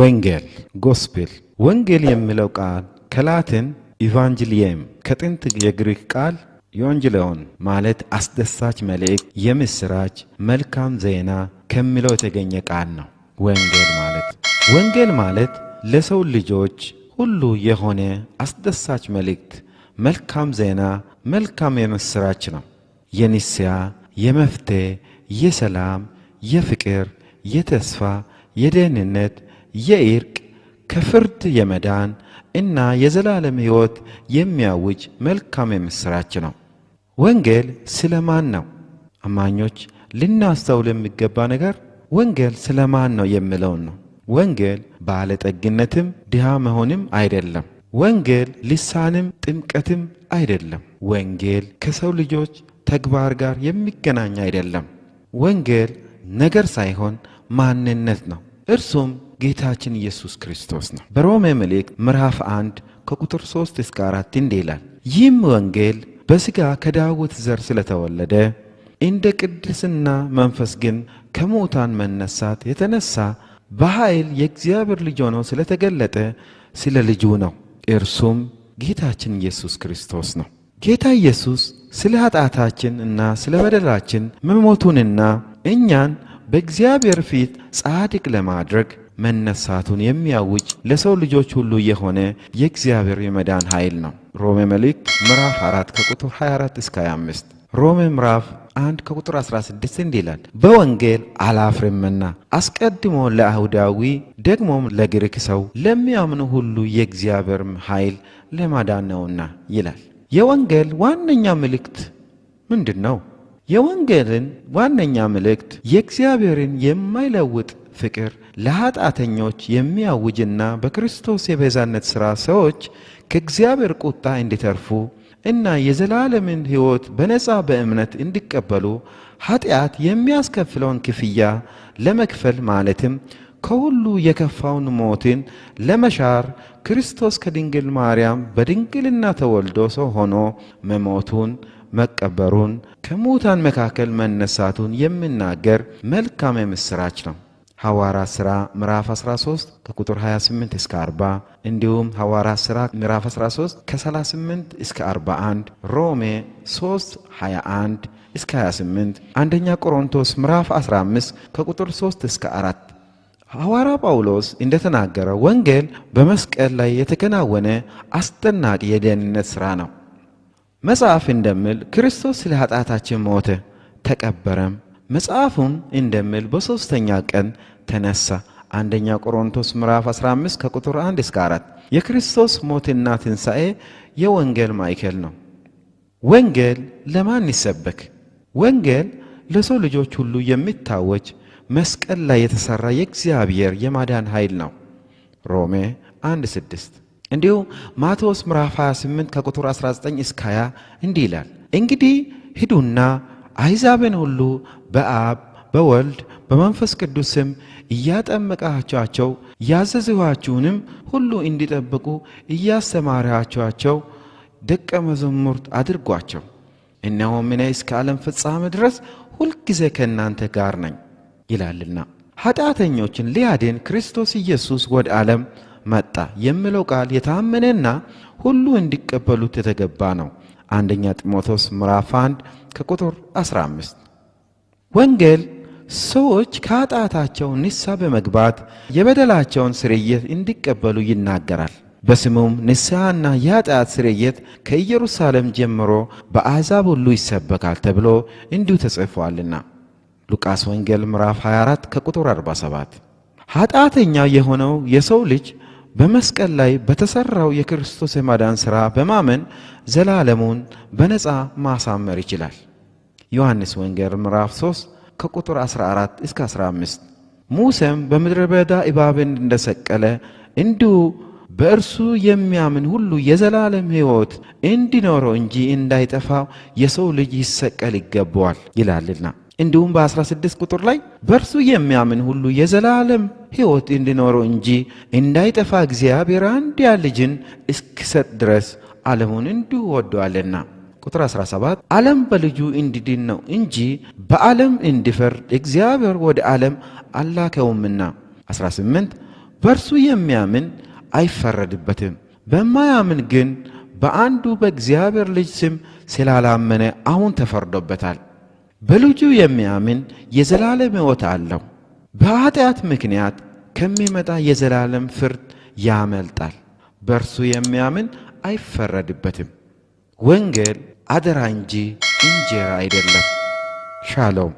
ወንጌል ጎስፔል። ወንጌል የሚለው ቃል ከላትን ኢቫንጅሊየም ከጥንት የግሪክ ቃል ዮንጅሌዮን ማለት አስደሳች መልእክት፣ የምስራች፣ መልካም ዜና ከሚለው የተገኘ ቃል ነው። ወንጌል ማለት ወንጌል ማለት ለሰው ልጆች ሁሉ የሆነ አስደሳች መልእክት፣ መልካም ዜና፣ መልካም የምስራች ነው። የንስያ፣ የመፍትሄ፣ የሰላም፣ የፍቅር፣ የተስፋ፣ የደህንነት የኢርቅ ከፍርድ የመዳን እና የዘላለም ሕይወት የሚያውጅ መልካም የምሥራች ነው። ወንጌል ስለ ማን ነው? አማኞች ልናስተውል የሚገባ ነገር ወንጌል ስለ ማን ነው የሚለውን ነው። ወንጌል ባለጠግነትም ድሃ መሆንም አይደለም። ወንጌል ልሳንም ጥምቀትም አይደለም። ወንጌል ከሰው ልጆች ተግባር ጋር የሚገናኝ አይደለም። ወንጌል ነገር ሳይሆን ማንነት ነው። እርሱም ጌታችን ኢየሱስ ክርስቶስ ነው። በሮሜ መልእክት ምዕራፍ 1 ከቁጥር 3 እስከ 4 እንዲህ ይላል፣ ይህም ወንጌል በሥጋ ከዳዊት ዘር ስለተወለደ እንደ ቅድስና መንፈስ ግን ከሙታን መነሳት የተነሳ በኃይል የእግዚአብሔር ልጅ ሆኖ ስለተገለጠ ስለ ልጁ ነው። እርሱም ጌታችን ኢየሱስ ክርስቶስ ነው። ጌታ ኢየሱስ ስለ ኃጢአታችን እና ስለ በደላችን መሞቱንና እኛን በእግዚአብሔር ፊት ጻድቅ ለማድረግ መነሳቱን የሚያውጅ ለሰው ልጆች ሁሉ የሆነ የእግዚአብሔር የመዳን ኃይል ነው። ሮሜ መልእክት ምዕራፍ 4 ከቁጥር 24 እስከ 25 ሮሜ ምዕራፍ አንድ ከቁጥር 16 እንዲህ ይላል፣ በወንጌል አላፍርምና አስቀድሞ ለአይሁዳዊ ደግሞም ለግሪክ ሰው ለሚያምኑ ሁሉ የእግዚአብሔር ኃይል ለማዳን ነውና ይላል። የወንጌል ዋነኛ ምልክት ምንድን ነው? የወንጌልን ዋነኛ መልእክት የእግዚአብሔርን የማይለውጥ ፍቅር ለኃጢአተኞች የሚያውጅና በክርስቶስ የቤዛነት ሥራ ሰዎች ከእግዚአብሔር ቁጣ እንዲተርፉ እና የዘላለምን ሕይወት በነፃ በእምነት እንዲቀበሉ ኃጢአት የሚያስከፍለውን ክፍያ ለመክፈል ማለትም ከሁሉ የከፋውን ሞትን ለመሻር ክርስቶስ ከድንግል ማርያም በድንግልና ተወልዶ ሰው ሆኖ መሞቱን መቀበሩን ከሙታን መካከል መነሳቱን የሚናገር መልካም የምሥራች ነው። ሐዋራ ሥራ ምዕራፍ 13 ከቁጥር 28 እስከ 40 እንዲሁም ሐዋራ ሥራ ምዕራፍ 13 ከ38 እስከ 41 ሮሜ 3 21 እስከ 28 አንደኛ ቆሮንቶስ ምዕራፍ 15 ከቁጥር 3 እስከ 4 ሐዋራ ጳውሎስ እንደተናገረ ወንጌል በመስቀል ላይ የተከናወነ አስደናቂ የደህንነት ሥራ ነው። መጽሐፍ እንደሚል ክርስቶስ ስለ ኃጢአታችን ሞተ፣ ተቀበረም። መጽሐፉም እንደሚል በሦስተኛ ቀን ተነሳ። አንደኛ ቆሮንቶስ ምዕራፍ 15 ከቁጥር 1 እስከ 4። የክርስቶስ ሞትና ትንሣኤ የወንጌል ማዕከል ነው። ወንጌል ለማን ይሰበክ? ወንጌል ለሰው ልጆች ሁሉ የሚታወጅ መስቀል ላይ የተሰራ የእግዚአብሔር የማዳን ኃይል ነው። ሮሜ 1:6 እንዲሁም ማቴዎስ ምዕራፍ 28 ከቁጥር 19 እስከ 20 እንዲህ ይላል፣ እንግዲህ ሂዱና አሕዛብን ሁሉ በአብ በወልድ በመንፈስ ቅዱስ ስም እያጠመቃቸኋቸው ያዘዝኋችሁንም ሁሉ እንዲጠብቁ እያስተማራችኋቸው ደቀ መዛሙርት አድርጓቸው። እነሆም እኔ እስከ ዓለም ፍጻሜ ድረስ ሁልጊዜ ከእናንተ ጋር ነኝ ይላልና። ኃጢአተኞችን ሊያድን ክርስቶስ ኢየሱስ ወደ ዓለም መጣ የሚለው ቃል የታመነና ሁሉ እንዲቀበሉት የተገባ ነው። አንደኛ ጢሞቴዎስ ምዕራፍ 1 ከቁጥር 15 ወንጌል ሰዎች ከኃጢአታቸው ንስሐ በመግባት የበደላቸውን ስርየት እንዲቀበሉ ይናገራል። በስሙም ንስሐና የኃጢአት ስርየት ከኢየሩሳሌም ጀምሮ በአሕዛብ ሁሉ ይሰበካል ተብሎ እንዲሁ ተጽፏልና ሉቃስ ወንጌል ምዕራፍ 24 ከቁጥር 47። ኃጢአተኛ የሆነው የሰው ልጅ በመስቀል ላይ በተሠራው የክርስቶስ የማዳን ሥራ በማመን ዘላለሙን በነፃ ማሳመር ይችላል። ዮሐንስ ወንጌል ምዕራፍ 3 ከቁጥር 14 እስከ 15 ሙሴም በምድረ በዳ እባብን እንደሰቀለ እንዲሁ በእርሱ የሚያምን ሁሉ የዘላለም ሕይወት እንዲኖረው እንጂ እንዳይጠፋው የሰው ልጅ ይሰቀል ይገባዋል ይላልና። እንዲሁም በ16 ቁጥር ላይ በእርሱ የሚያምን ሁሉ የዘላለም ሕይወት እንዲኖረው እንጂ እንዳይጠፋ እግዚአብሔር አንድያ ልጅን እስኪሰጥ ድረስ ዓለሙን እንዲሁ ወደዋልና ቁጥር 17 ዓለም በልጁ እንዲድን ነው እንጂ በዓለም እንዲፈርድ እግዚአብሔር ወደ ዓለም አላከውምና። 18 በእርሱ የሚያምን አይፈረድበትም፣ በማያምን ግን በአንዱ በእግዚአብሔር ልጅ ስም ስላላመነ አሁን ተፈርዶበታል። በልጁ የሚያምን የዘላለም ሕይወት አለው። በኃጢአት ምክንያት ከሚመጣ የዘላለም ፍርድ ያመልጣል። በእርሱ የሚያምን አይፈረድበትም። ወንጌል አደራ እንጂ እንጀራ አይደለም። ሻሎም